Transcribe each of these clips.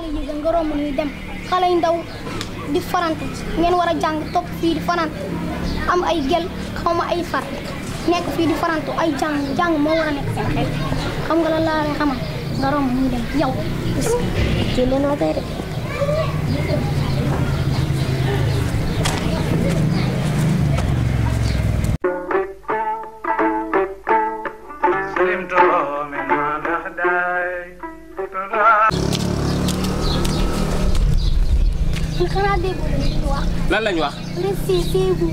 xale ñu gën nga romb ñu dem xalé ndaw di farante ngeen wara jang top fi di farante am ay gel xawma ay far nek fi di farante ay jang jang mo wara nek nekk seen xel xam nga la la lay xamal nga romb ñu dem yow jëlee naa tey de Slim to xanaa déggoo li wax. lan lañ wax. le si séegu.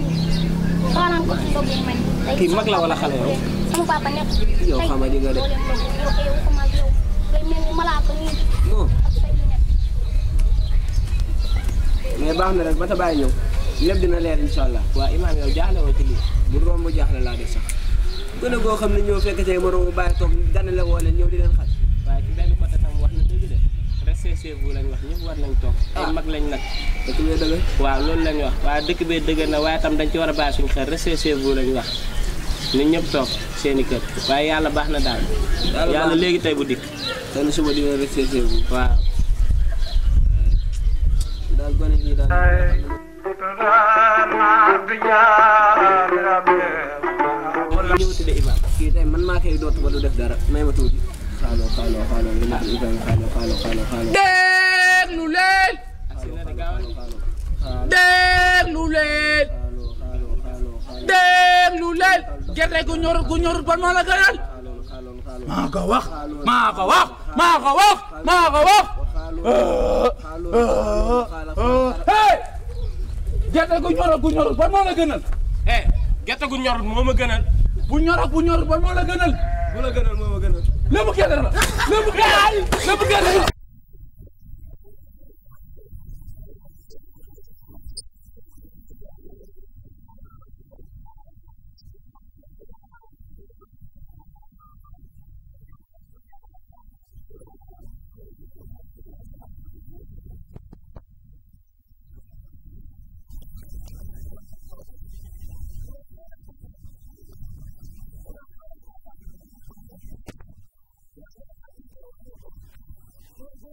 xanaa ko ci loolu mag la wala xale yow. sama papa nekk. yow xam nga li nga def tey yow yow xam ak yow. day mel ni malaaka ñu. non. mais baax na rek ba yow def di chez vous lañ wax ñëpp war nañ toog ay ah. mag lañ nag dëkk bee dëgg waaw loolu lañu wax waaw dëkk bee dëgg na waaye tam dañ ci war a baax suñu xel restez chez vous lañ wax seeni kër waaye yàlla baax na daal yàlla léegi tey bu dikk tey suba dina restez chez vous waaw daal gone yi man maa koy dootu ba du def dara may ma tuuti déglu leen déglu leen déglu leen gerte gu ñor gu ñorul ban moo la gënal maa ko wax maa ko wax maa ko wax maa ko wax gerte gu ñorul gu ñorul ban moo la gënal gerte gu ñorul moo ma gënal bu ñor ak bu ñorul ban moo la gënal bu la gënal moo ma gënal lépp kenn la lépp kenn la lépp kenn la